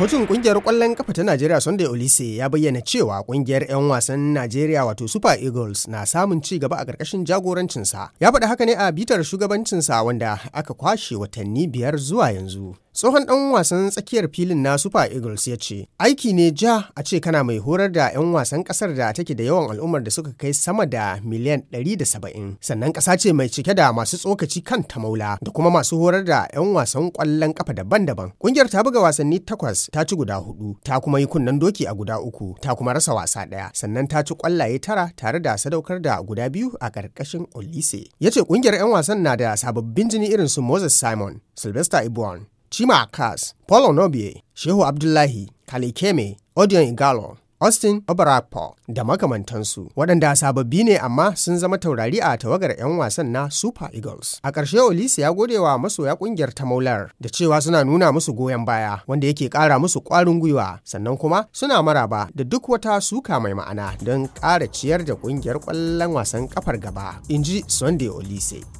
hotun kungiyar kwallon kafa ta Najeriya Sunday Olise ya bayyana cewa kungiyar 'yan wasan Najeriya wato Super Eagles na samun ci gaba a ƙarƙashin jagorancinsa. Ya faɗi haka ne a bitar shugabancinsa wanda aka kwashe watanni biyar zuwa yanzu. Tsohon ɗan wasan tsakiyar filin na Super Eagles ya ce, Aiki ne ja a ce kana mai horar da 'yan wasan ƙasar da take da yawan al'ummar da suka kai sama da miliyan 170. Sannan ƙasa ce mai cike da masu tsokaci kan maula da kuma masu horar da 'yan wasan ƙwallon kafa daban-daban. Ƙungiyar ta buga wasanni takwas ta ci guda hudu, ta kuma yi kunnen doki a guda uku, ta kuma rasa wasa ɗaya. Sannan ta ci kwallaye tara tare da sadaukar da guda biyu a ƙarƙashin Olise. Ya ce ƙungiyar 'yan wasan na da sababbin jini irin su Moses Simon, Sylvester ibuan Chima Akas, Paul Onobie, Shehu Abdullahi, Kalikeme, Odion Igalo, Austin obarakpo da makamantansu waɗanda sababbi ne amma sun zama taurari a tawagar 'yan wasan na Super Eagles. A ƙarshe Olise ya gode wa masoya ƙungiyar ta Maular da cewa suna nuna musu goyon baya wanda yake ƙara musu ƙwarin gwiwa sannan kuma suna maraba da duk wata suka mai ma'ana don ƙara ciyar da ƙungiyar ƙwallon wasan ƙafar gaba, in ji Sunday Olise.